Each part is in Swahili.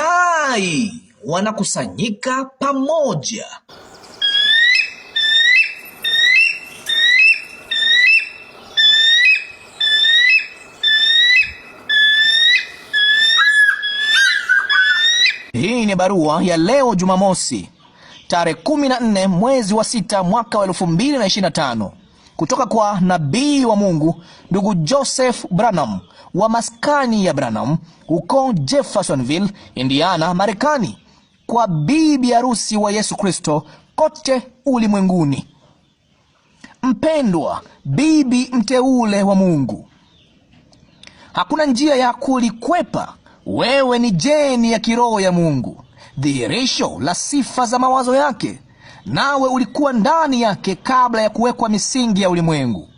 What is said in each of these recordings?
tai wanakusanyika pamoja. Hii ni barua ya leo Jumamosi, tarehe 14 mwezi wa sita mwaka wa 2025 kutoka kwa nabii wa Mungu ndugu Joseph Branham wa maskani ya Branham huko Jeffersonville, Indiana, Marekani, kwa bibi harusi wa Yesu Kristo kote ulimwenguni. Mpendwa bibi mteule wa Mungu, hakuna njia ya kulikwepa. Wewe ni jeni ya kiroho ya Mungu, dhihirisho la sifa za mawazo yake nawe ulikuwa ndani yake kabla ya kuwekwa misingi ya ulimwengu.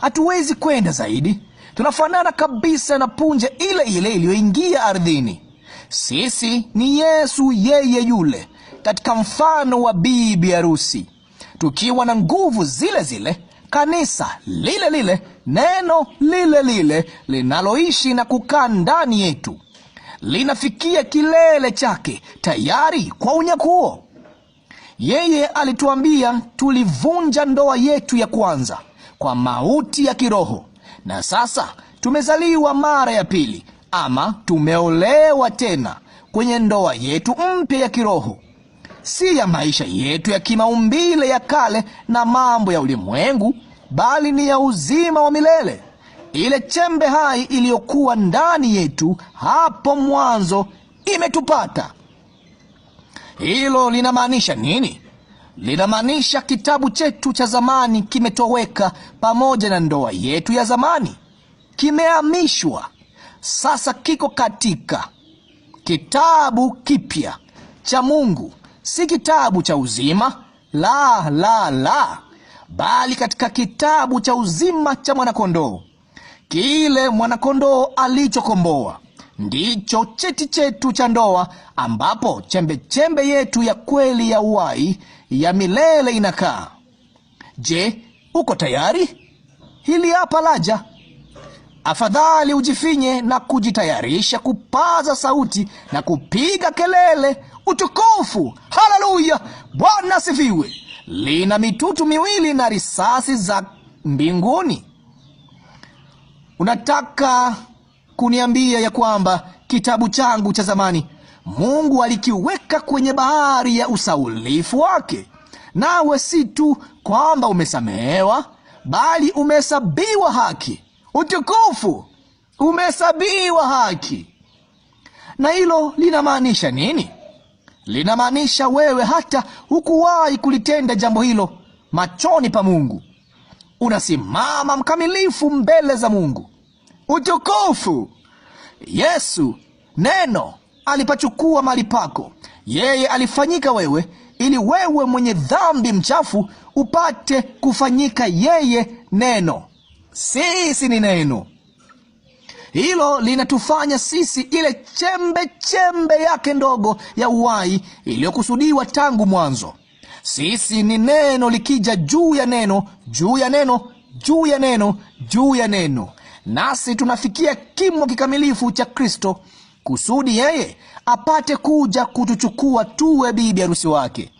Hatuwezi kwenda zaidi, tunafanana kabisa na punje ile ile iliyoingia ardhini. Sisi ni Yesu yeye yule, katika mfano wa bibi harusi, tukiwa na nguvu zile zile, kanisa lile lile, neno lile lile linaloishi na kukaa ndani yetu linafikia kilele chake tayari kwa unyakuo. Yeye alituambia tulivunja ndoa yetu ya kwanza kwa mauti ya kiroho, na sasa tumezaliwa mara ya pili, ama tumeolewa tena kwenye ndoa yetu mpya ya kiroho, si ya maisha yetu ya kimaumbile ya kale na mambo ya ulimwengu, bali ni ya uzima wa milele, ile chembe hai iliyokuwa ndani yetu hapo mwanzo imetupata hilo linamaanisha nini? Linamaanisha kitabu chetu cha zamani kimetoweka pamoja na ndoa yetu ya zamani, kimehamishwa. Sasa kiko katika kitabu kipya cha Mungu, si kitabu cha uzima, la la la, bali katika kitabu cha uzima cha mwanakondoo, kile mwanakondoo alichokomboa ndicho cheti chetu cha ndoa, ambapo chembechembe chembe yetu ya kweli ya uhai ya milele inakaa. Je, uko tayari? Hili hapa laja. Afadhali ujifinye na kujitayarisha kupaza sauti na kupiga kelele, utukufu! Haleluya! Bwana sifiwe! Lina mitutu miwili na risasi za mbinguni. Unataka kuniambia ya kwamba kitabu changu cha zamani Mungu alikiweka kwenye bahari ya usaulifu wake, nawe si tu kwamba umesamehewa, bali umehesabiwa haki. Utukufu! Umehesabiwa haki. Na hilo linamaanisha nini? Linamaanisha wewe hata hukuwahi kulitenda jambo hilo machoni pa Mungu. Unasimama mkamilifu mbele za Mungu utukufu. Yesu neno alipachukua mali pako, yeye alifanyika wewe, ili wewe mwenye dhambi mchafu upate kufanyika yeye neno. Sisi ni neno. Hilo linatufanya sisi ile chembe chembe yake ndogo ya uhai iliyokusudiwa tangu mwanzo. Sisi ni neno likija juu ya neno, juu ya neno, juu ya neno, juu ya neno nasi tunafikia kimo kikamilifu cha Kristo kusudi yeye apate kuja kutuchukua tuwe bibi harusi wake.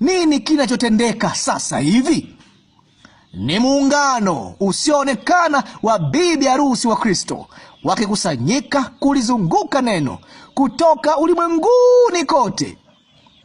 Nini kinachotendeka sasa hivi? Ni muungano usioonekana wa bibi harusi wa Kristo wakikusanyika kulizunguka neno kutoka ulimwenguni kote.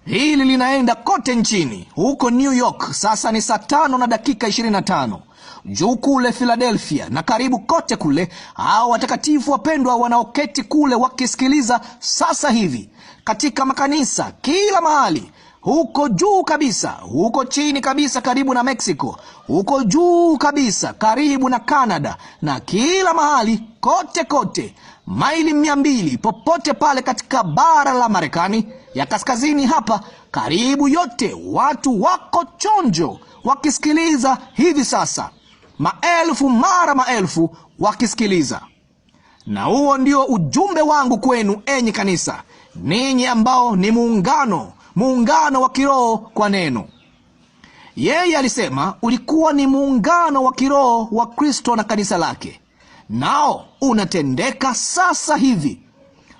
Hili linaenda kote nchini. Huko New York sasa ni saa tano na dakika 25, juu kule Philadelphia na karibu kote kule, hao watakatifu wapendwa wanaoketi kule wakisikiliza sasa hivi, katika makanisa kila mahali, huko juu kabisa, huko chini kabisa, karibu na Mexico, huko juu kabisa, karibu na Canada, na kila mahali kote kote, maili mia mbili, popote pale katika bara la Marekani ya kaskazini hapa, karibu yote watu wako chonjo wakisikiliza hivi sasa, maelfu mara maelfu wakisikiliza. Na huo ndio ujumbe wangu kwenu, enyi kanisa, ninyi ambao ni muungano, muungano wa kiroho kwa neno. Yeye alisema ulikuwa ni muungano wa kiroho wa Kristo na kanisa lake, nao unatendeka sasa hivi.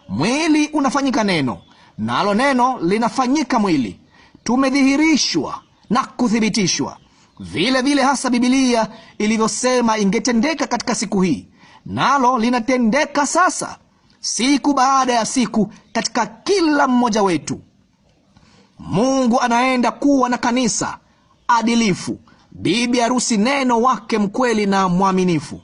Mwili unafanyika neno nalo neno linafanyika mwili, tumedhihirishwa na kuthibitishwa vile vile hasa Bibilia ilivyosema ingetendeka katika siku hii, nalo linatendeka sasa, siku baada ya siku, katika kila mmoja wetu. Mungu anaenda kuwa na kanisa adilifu, bibi harusi neno wake mkweli na mwaminifu.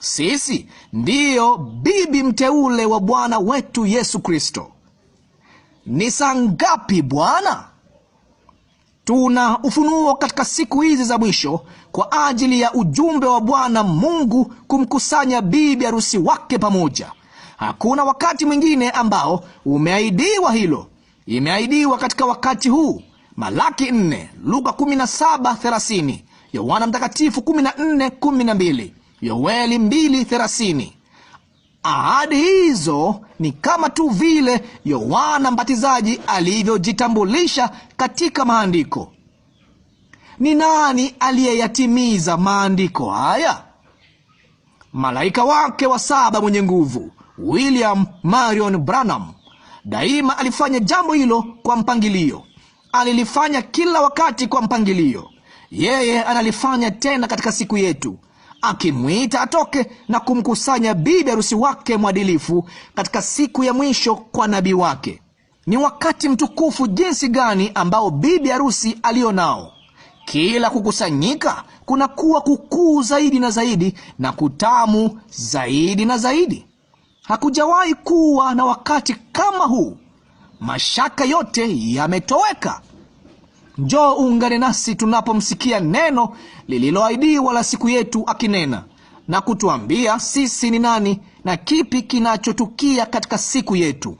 Sisi ndiyo bibi mteule wa Bwana wetu Yesu Kristo. Ni saa ngapi Bwana? Tuna ufunuo katika siku hizi za mwisho kwa ajili ya ujumbe wa Bwana Mungu kumkusanya bibi harusi wake pamoja. Hakuna wakati mwingine ambao umeahidiwa hilo. Imeahidiwa katika wakati huu. Malaki 4, Luka 17:30, Yohana Mtakatifu 14:12, Yoeli 2:30. Ahadi hizo ni kama tu vile Yohana Mbatizaji alivyojitambulisha katika maandiko. Ni nani aliyeyatimiza maandiko haya? Malaika wake wa saba mwenye nguvu, William Marion Branham, daima alifanya jambo hilo kwa mpangilio. Alilifanya kila wakati kwa mpangilio. Yeye analifanya tena katika siku yetu akimwita atoke na kumkusanya bibi harusi wake mwadilifu katika siku ya mwisho kwa nabii wake. Ni wakati mtukufu jinsi gani ambao bibi harusi aliyo nao! Kila kukusanyika kunakuwa kukuu zaidi na zaidi na kutamu zaidi na zaidi. Hakujawahi kuwa na wakati kama huu. Mashaka yote yametoweka. Njoo uungane nasi tunapomsikia neno lililoahidiwa la siku yetu akinena na kutuambia sisi ni nani na kipi kinachotukia katika siku yetu,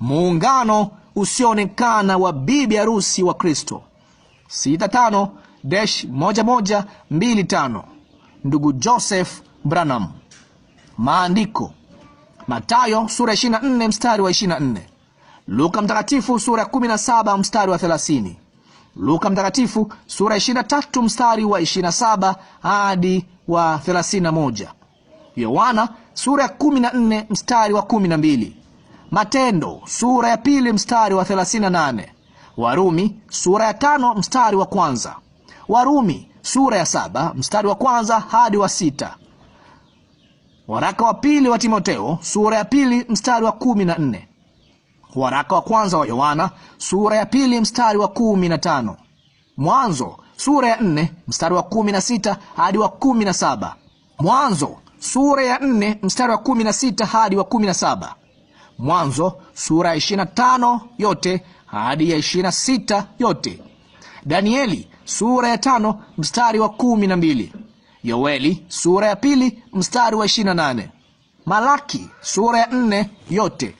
muungano usioonekana wa bibi harusi wa Kristo. 65-1125 Ndugu Joseph Branham. Maandiko: Matayo sura 24 mstari wa 24, Luka Mtakatifu sura 17 mstari wa 30. Luka Mtakatifu sura 23 mstari wa 27 hadi wa 31, Yohana sura ya 14 mstari wa 12, Matendo sura ya pili mstari wa 38, Warumi sura ya tano mstari wa kwanza, Warumi sura ya saba mstari wa kwanza hadi wa sita, waraka wa pili wa Timoteo sura ya pili mstari wa nne Waraka wa kwanza wa Yohana sura ya pili mstari wa kumi na tano Mwanzo sura ya nne mstari wa kumi na sita hadi wa kumi na saba Mwanzo sura ya nne mstari wa kumi na sita hadi wa kumi na saba Mwanzo sura ya ishirini na tano yote hadi ya ishirini na sita yote Danieli sura ya tano mstari wa kumi na mbili Yoeli sura ya pili mstari wa ishirini na nane Malaki sura ya nne yote